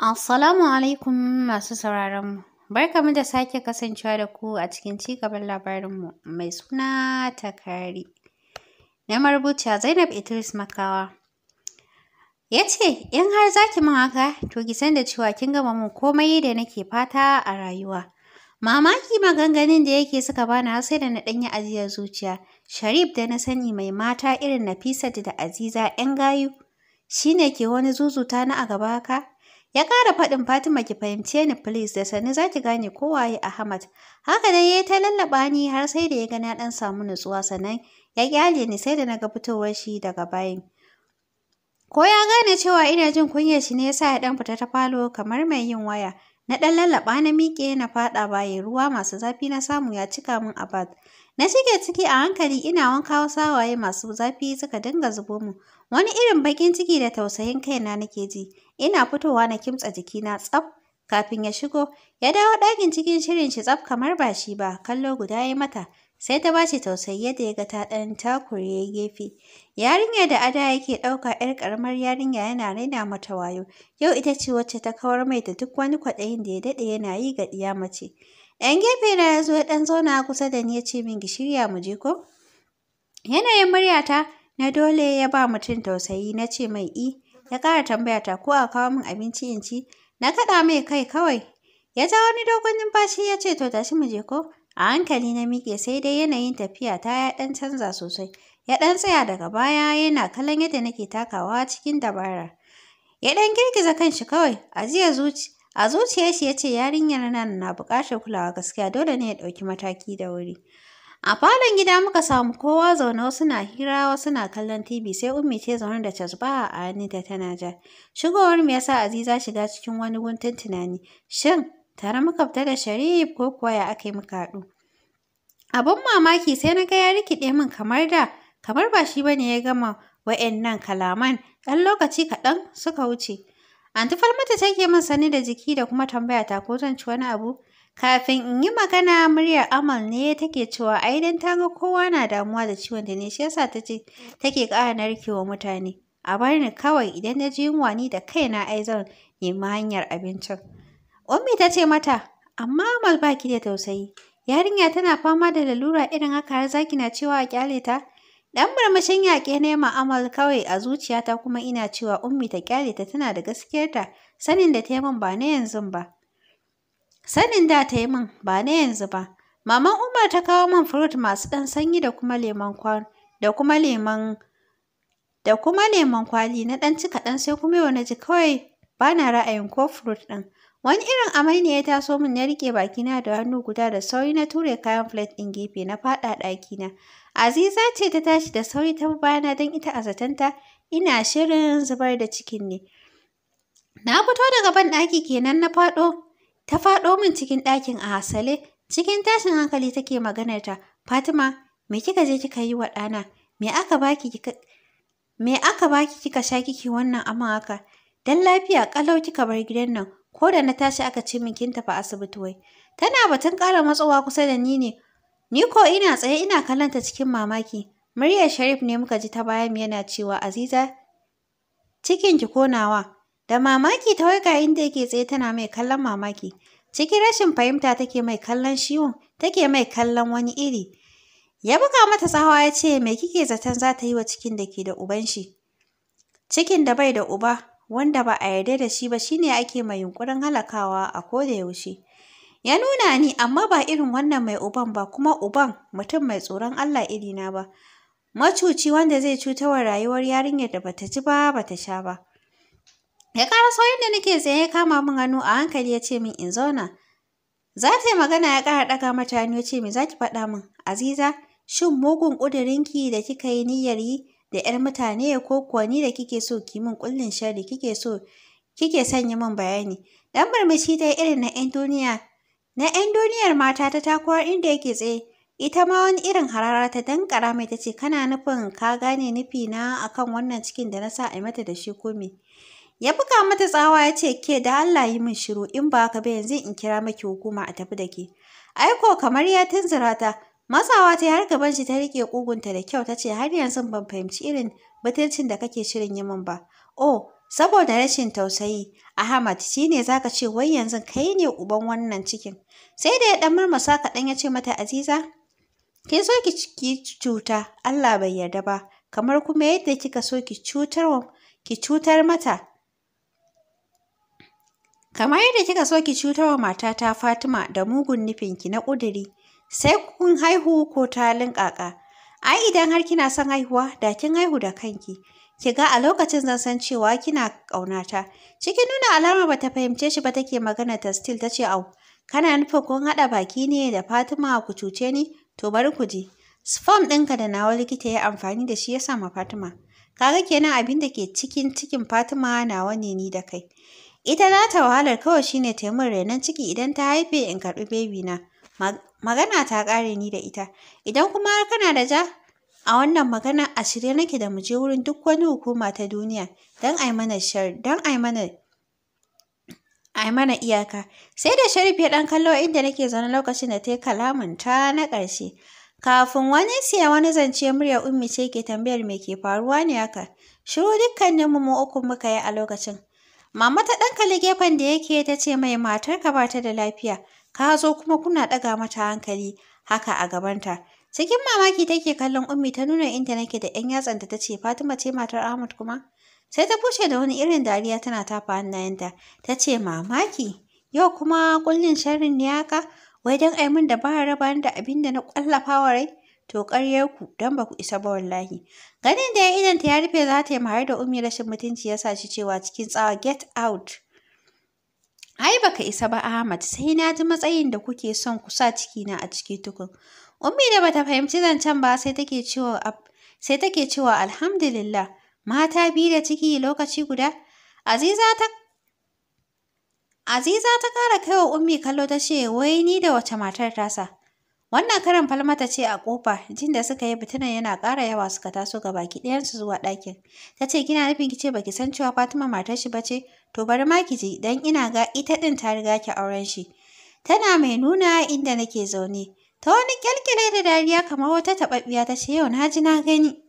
Assalamu alaikum masu sauraronmu. Barkamu da sake kasancewa da ku a cikin cigaban labarinmu mai suna takari. Na marubuta Zainab Idris Makawa. Ya ce, "In har za ki min haka, to ki san da cewa kin gama mun komai da nake fata a rayuwa." Mamaki maganganun da yake suka bani har sai da na yi ajiyar zuciya. Sharif da na sani mai mata irin Nafisat da Aziza ‘yan gayu, shi ne ke wani zuzuta na a gaba haka? Ya ƙara faɗin Fatima ki fahimce ni please da sani za ki gane waye Ahmad. Haka dai yayi ta lallaba ni har sai da ya ga na ɗan samu nutsuwa sannan ya kyale ni sai da na ga fitowar shi daga bayan. Ko ya gane cewa ina jin kunyar shi ne yasa ya ɗan fita ta falo kamar mai yin waya. Na ɗan lallaba na miƙe na faɗa baye ruwa masu zafi na samu ya cika min a bath. Na shige ciki a hankali ina wanka wasa waye masu zafi suka dinga zubo mu. Wani irin baƙin ciki da tausayin kaina nake ji. Ina fitowa na kimtsa jikina tsaf kafin ya shigo, ya dawo ɗakin cikin shirin shi tsaf kamar ba shi ba, kallo guda ya mata. Sai ta bashi tausayi yadda ya ga ta ɗan takure gefe. Yarinya da ada yake ɗauka 'yar ƙaramar yarinya yana raina mata wayo. Yau ita ce wacce ta kawar mai da duk wani kwaɗayin da ya daɗe yana yi ga ɗiya mace. ɗan gefe na ya zo ya ɗan zauna kusa da ni ya ce min gishirya mu je ko? Yanayin muryata na dole ya ba mutum tausayi na ce mai i. ya ƙara ta ko a kawo min abinci in ci na kaɗa mai kai kawai ya ja wani dogon numfashi ya ce to tashi mu je ko a hankali na miƙe sai dai yanayin tafiya ta ya ɗan canza sosai ya ɗan tsaya daga baya yana kallon yadda nake takawa cikin dabara ya ɗan girgiza kanshi kawai a jiya zuci a zuciyar shi ya ce yarinyar nan na buƙatar kulawa gaskiya dole ne ya ɗauki mataki da wuri A falon gida muka samu kowa zaune wasu na hira wasu na kallon TV sai Ummi ce zaune da casba a da tana ja. Shigowar me yasa Aziza shiga cikin wani guntun tunani. Shin tare muka fita da Sharif ko kuwa ya aka yi muka haɗu? Abin mamaki sai na ga ya rikide min kamar da kamar ba shi bane ya gama wa'annan kalaman ɗan lokaci kaɗan suka wuce. Anti Falmata take min sani da jiki da kuma tambaya ta ko zan ci wani abu. Kafin in yi magana muryar Amal ne take cewa ai dan ta ga kowa na damuwa da ciwon da ne shi yasa ta ce take ƙara narkewa mutane. A bar ni kawai idan na ji yunwa ni da kaina ai zan nemi hanyar abincin. Ummi ta ce mata, amma Amal ba ki da tausayi. Yarinya tana fama da lalura irin haka har zaki na cewa a kyale ta. Dan murmushin yaƙe ne ma'amal kawai a zuciyata kuma ina cewa ummi ta kyale ta tana da gaskiyarta sanin da ta yi min ba na yanzu ba. Sanin da ta yi min ba na yanzu ba. Maman Umar ta kawo min furut masu ɗan sanyi da kuma lemon kwan da kuma lemon da kuma lemon kwali na ɗan ci kaɗan sai kuma yau na ji kawai ba na ra'ayin ko furut ɗin. Wani irin amai ne ya taso min ya riƙe bakina da hannu guda da sauri na ture kayan filet ɗin gefe na faɗa ɗakina. Aziza ce ta tashi da sauri ta bayana don ita a zatanta ina shirin zubar da cikin ne. Na fito daga ban ɗaki kenan na faɗo Ta faɗo min cikin ɗakin a hasale, cikin tashin hankali take ta. Fatima, me kika je kika yi wa ɗana? Me aka baki kika sha kiki wannan aman haka? Dan lafiya kalau kika bar gidan nan, ko da na tashi aka ce min kin tafi asibiti wai. Tana batun ƙara matsowa kusa da ni ne. Ni ko ina tsaye ina kallanta cikin mamaki. Muryar Sharif ne muka ji ta bayan yana cewa Aziza cikin ki konawa Da mamaki ta waiga inda yake tsaye tana mai kallon mamaki. Cikin rashin fahimta take mai kallon shiwon, take mai kallon wani iri. Ya buga mata tsawa ya ce, Me kike zaton za ta yi wa cikin da ke da uban shi? Cikin da bai da uba, wanda ba a yarda da shi ba shine ake mai yunkurin halakawa a koda yaushe. Ya nuna ni amma ba irin wannan mai uban ba kuma uban mutum mai tsoron Allah iri na ba. Macuci wanda zai cuta wa rayuwar yarinyar da bata ji ba bata sha ba. ya sauyin da nake tsaye ya kama min hannu a hankali ya ce min in zauna za ta yi magana ya ƙara ɗaga mata hannu ya ce me za ki faɗa min aziza shin mugun ƙudurinki da kika yi niyyar yi da 'yar mutane ko kuwa ni da kike so ki min ƙullin shari kike so kike sanya min bayani dan murmushi dai irin na 'yan duniya na 'yan duniyar mata ta takuwar inda yake tsaye ita ma wani irin harara ta dankara mai ta ce kana nufin ka gane nufi na akan wannan cikin da na sa a mata da shi ko me Ya buga mata tsawa ya ce, Ke da Allah yi min shiru, in ba ka ba yanzu in kira maki hukuma a tafi da ke. Aiko kamar ya tunzura ta, matsawa ta har gaban shi ta riƙe ƙugunta da kyau ta ce, Har yanzu ban fahimci irin butulcin da kake shirin yi min ba. Oh, saboda rashin tausayi, Ahmad shi ne za ka ce wai yanzu kai ne uban wannan cikin. Sai da ya ɗan murmasa kaɗan ya ce mata, Aziza, ki so ki cuta, Allah bai yarda ba, kamar kuma yadda kika so ki cutar mata Kamar yadda kika so ki cutarwa matata Fatima da mugun nufinki na ƙuduri, sai kun haihu ko ta linƙaƙa. Ai idan har kina son haihuwa, da kin haihu da kanki. Ki ga a lokacin zan san cewa kina ƙaunata. Cikin nuna alama ba ta fahimce shi ba take magana ta still ce au. Kana nufin kun haɗa baki ne da Fatima ku cuce ni? To bari ku ji. Sperm ɗinka da nawa likita ya amfani da shi ya sama Fatima. Kaga kenan abin da ke cikin cikin Fatima nawa ne ni da kai. Ita ta wahalar kawai shi ne yi renon ciki idan ta haife in karɓi bebi na. Magana ta ƙare ni da ita. Idan kuma har kana da ja a wannan magana a shirye nake da muje wurin duk wani hukuma ta duniya don a mana iyaka. Sai da Sharif ya ɗan kallo inda nake zaune lokacin da ta yi kalamin ta na ƙarshe. Kafin wani siya wani zance murya, ummi ce ke tambayar me ke faruwa ne haka. Shiru dukkaninmu mu uku muka yi a lokacin. Mama ta ɗan kalli gefen da yake ta ce mai matarka ba ta da lafiya, ka zo kuma kuna ɗaga mata hankali haka a gabanta. Cikin mamaki take kallon Ummi ta nuna inda nake da 'yan yatsanta ta ce Fatima ce matar Ahmad kuma? Sai ta bushe da wani irin dariya tana tafa hannayenta. Ta ce mamaki, yau kuma kullin sharrin ne haka? Wai don ai mun da ba raba da abin da na ƙwallafa wa rai? To ku don ba ku isa ba wallahi. Ganin da ya idanta ya rufe za ta yi mahar da Ummi rashin mutunci ya sa shi cewa cikin tsawa get out. Ai baka isa ba Ahmad sai na ji matsayin da kuke son ku sa cikina a ciki tukun. Umi da bata fahimci zancen ba sai take cewa sai take cewa alhamdulillah mata biyu da ciki lokaci guda. Aziza ta Aziza ta kara kaiwa Ummi kallo ta ce wai ni da wace matar ta sa Wannan karan falmata ce a ƙofa, jin da suka yi fitinan yana ƙara yawa suka taso ga baki ɗayansu zuwa ɗakin. Ta ce kina nufin ki ce baki san cewa Fatima matar shi ba ce? To bari ma ki ji, dan ina ga ita ɗin ta riga ki auren shi. Tana mai nuna inda nake zaune. Ta wani kyalkyale da dariya kamar wata taɓaɓɓiya ta ce yau na ji na gani.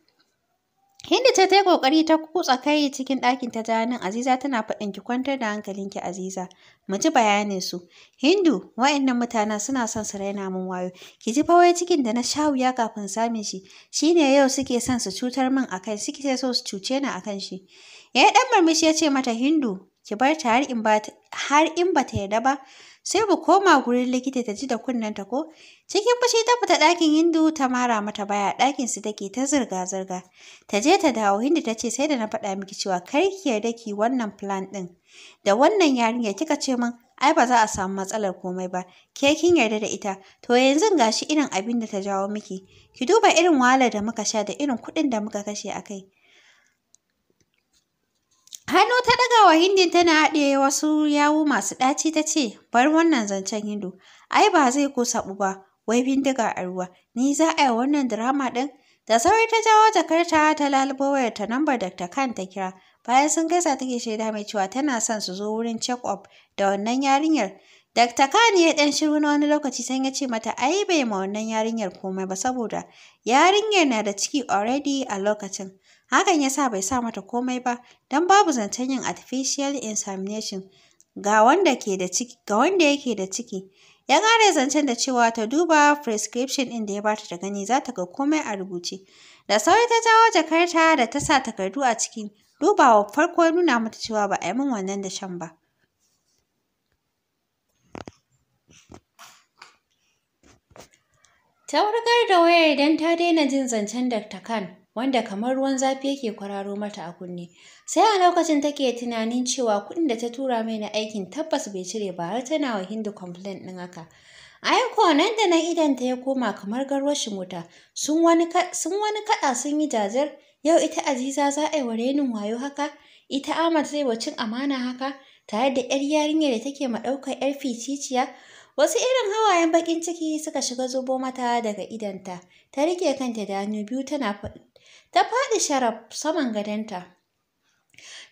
Hindi ta yi ƙoƙari ta kutsa kai cikin ɗakin ta janin Aziza tana faɗin ki kwantar da hankalinki Aziza. Mu ji bayanin su. Hindu, wa'annan mutanen suna son su raina min wayo. Ki ji fawai cikin da na sha wuya kafin samun shi. Shine yau suke son su cutar min akai, suke so su cuce ni akan shi. Ya dan murmushi ya ce mata Hindu, ki bar ta har in ba har in bata yarda ba sai mu koma gurin likita ta ji da kunnen ta ko cikin fushi ta fita ɗakin hindu ta mara mata baya ɗakin su take ta zirga zirga ta je ta dawo hindu ta ce sai da na faɗa miki cewa kar ki yarda ki wannan plan ɗin da wannan yarinya kika ce min ai ba za a samu matsalar komai ba ke kin yarda da ita to yanzu gashi irin abin da ta jawo miki ki duba irin wahalar da muka sha da irin kuɗin da muka kashe a kai Hannu ta ɗaga wa Hindin tana haɗe wasu yawu masu ɗaci ta ce, bar wannan zancen Hindu, ai ba zai ko saɓu ba, wai bindiga a ruwa, ni za a yi wannan drama ɗin? Da sauri ta jawo jakarta ta lalubo wayar ta nambar Dr. Khan ta kira, bayan sun gaisa take shaida mai cewa tana son su zo wurin check-up da wannan yarinyar. Dr. Khan ya ɗan shiru na wani lokaci sai ya ce mata ai bai ma wannan yarinyar komai ba saboda yarinyar na da ciki already a lokacin. Hakan ya sa bai sa mata komai ba, don babu zancen yin artificial insemination ga wanda ke da ciki, ga wanda yake da ciki. Ya kare zancen da cewa ta duba prescription din da ya bata da gani za ta ga komai a rubuce. Da sauri ta jawo jakarta da ta sa takardu a ciki, dubawa farko nuna mata cewa ba a yi min wannan da shan ba. Ta wurgar da wayar idan ta daina jin zancen ta kan wanda kamar ruwan zafi yake kwararo mata a kunne. Sai a lokacin take tunanin cewa kuɗin da ta tura mai na aikin tabbas bai cire ba har tana wa Hindu complain ɗin haka. Aiko nan da nan idanta ya koma kamar garwashin wuta, sun wani kaɗa sun yi jajar, yau ita Aziza za a yi wa renin wayo haka, ita Ahmad zai wa cin amana haka, tare da ‘yar yarinya da take maɗaukar ‘yar ficiciya, Wasu irin hawayen bakin ciki suka shiga zubo mata daga idanta, ta rike kanta da hannu biyu tana Ta faɗi sharaf saman gadonta.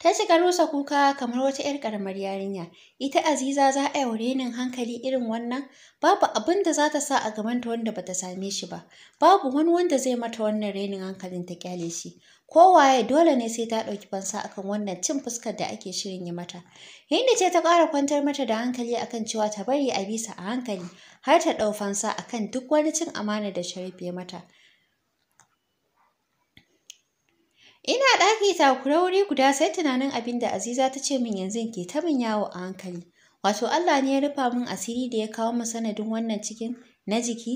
Ta shiga rusa kuka kamar wata 'yar ƙaramar yarinya. Ita Aziza za a yi renin hankali irin wannan, babu abin da za ta sa a gabanta wanda bata same shi ba. Babu wani wanda zai mata wannan renin hankalin ta kyale shi. Kowaye dole ne sai ta ɗauki fansa akan wannan cin fuskar da ake shirin yi mata. Hindi ce ta ƙara kwantar mata da hankali akan cewa ta bari a bisa a hankali har ta ɗau fansa akan duk wani cin amana da Sharif ya mata. Ina ɗaki takura wuri guda sai tunanin abin da Aziza ta ce min yanzu ke ta min yawo a hankali. Wato Allah ne ya rufa min asiri da ya kawo mu sanadin wannan cikin na jiki.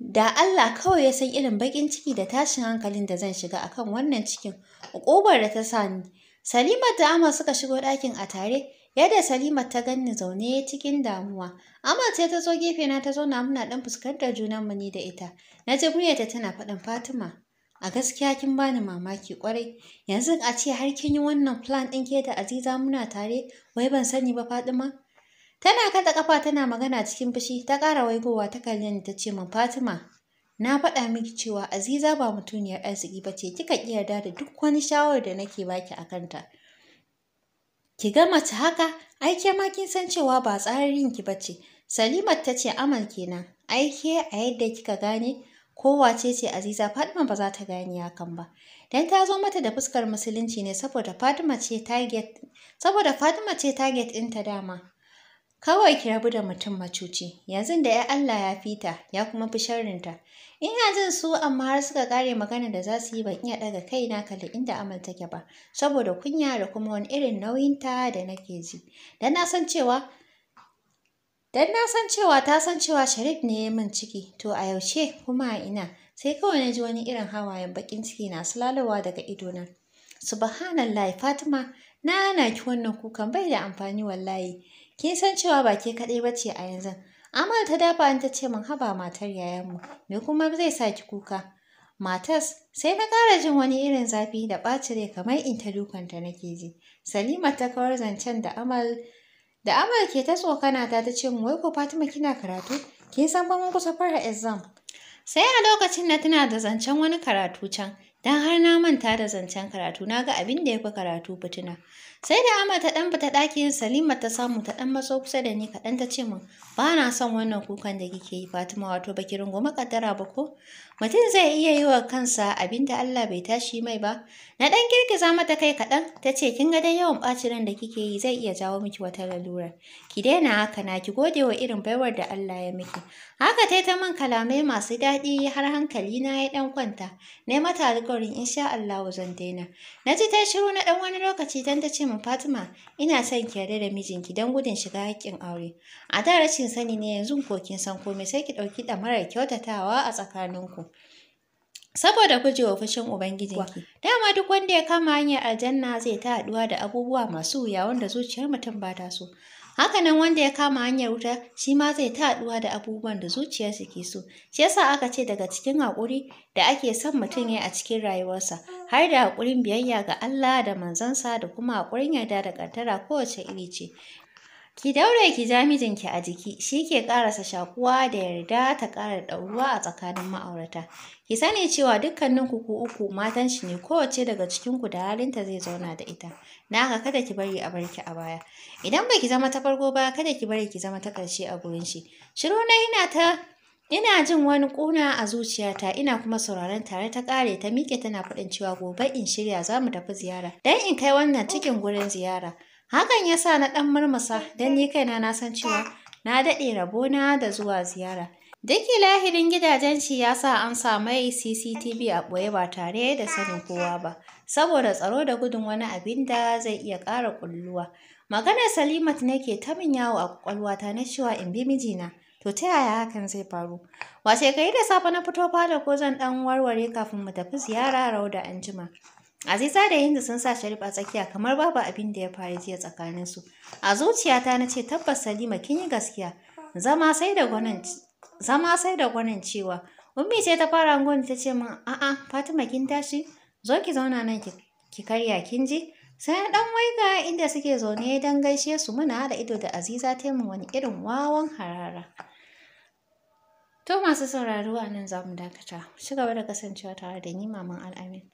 Da Allah kawai ya san irin baƙin ciki da tashin hankalin da zan shiga akan wannan cikin, ƙobar da ta sa ni. Salima da Ahmad suka shigo ɗakin a tare, yadda Salima ta ganni zaune cikin damuwa. Ahmad sai ta zo na ta zauna muna ɗan fuskantar junanmu ne da ita. Na ji muryarta tana faɗin Fatima. A gaskiya kin bani mamaki kwarai. Yanzu a ce har kin yi wannan plan ɗin ke da Aziza muna tare, wai ban sani ba Fatima? Tana kada kafa tana magana cikin fushi, ta ƙara waigowa ta kallon ta ce min Fatima, na faɗa miki cewa Aziza ba mutuniyar arziki ba ce, kika ƙi da duk wani shawarar da nake baki a kanta. Ki ga mace haka, ai ke ma kin san cewa ba tsarin ki ba ce. Salimat ta ce amal kenan, ai ke a yadda kika gane, Kowace ce Aziza Fatima ba za ta gane hakan ba. Dan ta zo mata da fuskar musulunci ne saboda Fatima ce target saboda Fatima ɗinta dama. Kawai ki rabu da mutum macuci, yanzu da ya Allah ya fita ya kuma fi sharrinta. Ina jin su amma har suka kare magana da za su yi ban iya daga kaina kalli inda amal take ba, saboda kunya da kuma wani irin nauyinta da nake ji. Da na san cewa Dan na san cewa ta san cewa Sharif ne ya min ciki, to a yaushe kuma a ina, sai kawai na ji wani irin hawayen bakin ciki na sulalowa daga idona. Subhanallah Fatima, na hana ki wannan kukan bai da amfani wallahi. Kin san cewa ba ke kaɗai ba ce a yanzu. Amal ta dafa an ta ce min haba matar yayan mu me kuma zai sa ki kuka? Matas, sai na ƙara jin wani irin zafi da ɓacin rai kamar in ta dukanta nake ji. Salima ta kawar zancen da Amal Da Amal ke ta tsokana ta ta ce wai ko Fatima kina karatu? Kin san ba mun kusa fara exam. Sai a lokacin na tana da zancen wani karatu can, dan har na manta da zancen karatu na ga abin da ya fi karatu fitina. Sai da ama ta ɗan fita ɗakin Salima ta samu ta ɗan matso kusa da ni kaɗan ta ce min ba na son wannan kukan da kike yi Fatima wato baki rungumi makaddara ba ko? Mutum zai iya yi wa kansa abin da Allah bai tashi mai ba. Na ɗan girgiza mata kai kaɗan ta ce kin ga dai yawan ɓacin da kike yi zai iya jawo miki wata lalura. Ki daina haka na ki gode wa irin baiwar da Allah ya miki. Haka tai ta man kalamai masu daɗi har hankali na ya ɗan kwanta. Na mata alƙawarin insha Allah zan daina. Na ji ta shiru na ɗan wani lokaci don ta ce min Fatima, ina son ki yarda da mijinki don gudun shiga haƙƙin aure. A da rashin sani ne yanzu ko kin san komai sai ki ɗauki ɗamarar kyautatawa a tsakaninku. Saboda gujewa fushin Ubangijinki, dama duk wanda ya kama hanyar aljanna zai ta haɗuwa da abubuwa masu wuya wanda zuciyar mutum ba ta so. Hakanan wanda ya kama hanyar wuta shi ma zai ta haɗuwa da abubuwan da zuciyarsa ke so. Shi yasa aka ce daga cikin haƙuri da ake son mutum ya a cikin rayuwarsa, har da haƙurin biyayya ga Allah da manzansa da kuma haƙurin yarda da ƙaddara kowace iri ce. Ki daure ki ja mijinki a jiki, shi ke ƙarasa shakuwa da yarda ta kara ɗauruwa a tsakanin ma'aurata. Ki sani cewa dukkaninku ku uku matan shi ne kowace daga cikin ku da halinta zai zauna da ita. Na haka kada ki bari a barki a baya. Idan ba ki zama ta farko ba, kada ki bari ki zama ta karshe a gurin shi. Shiru na ina ta Ina jin wani ƙuna a zuciyata ina kuma sauraron tare ta kare ta miƙe tana faɗin cewa gobe in shirya za mu tafi ziyara. Dan in kai wannan cikin gurin ziyara. Hakan ya sa na ɗan murmusa don ni kaina na san cewa na daɗe rabona da zuwa ziyara. Daki lahirin gidajen shi ya sa an sa mai CCTV a ɓoye ba tare da sanin kowa ba, saboda tsaro da gudun wani abin da zai iya ƙara ƙulluwa. Maganar Salimat ne ke ta min yawo a ƙwaƙwalwata na cewa in bi mijina, to ta yaya hakan zai faru? Wace yi da safe na fito fada ko zan ɗan warware kafin mu tafi ziyara da anjima. Aziza da Hindu sun sa Sharif a tsakiya kamar babu abin da ya faru jiya tsakaninsu. A zuciyata na ce tabbas Salima kin yi gaskiya. Zama sai da gwanin zama sai da gwanin cewa Ummi ce ta fara gwanin ta ce min a'a Fatima kin tashi zo ki zauna nan ki karya kin ji sai na dan waiga inda suke zaune dan gaishe su muna haɗa ido da Aziza ta min wani irin wawan harara. To masu sauraro a nan za mu dakata. Ci gaba da kasancewa tare da ni maman Al'amin.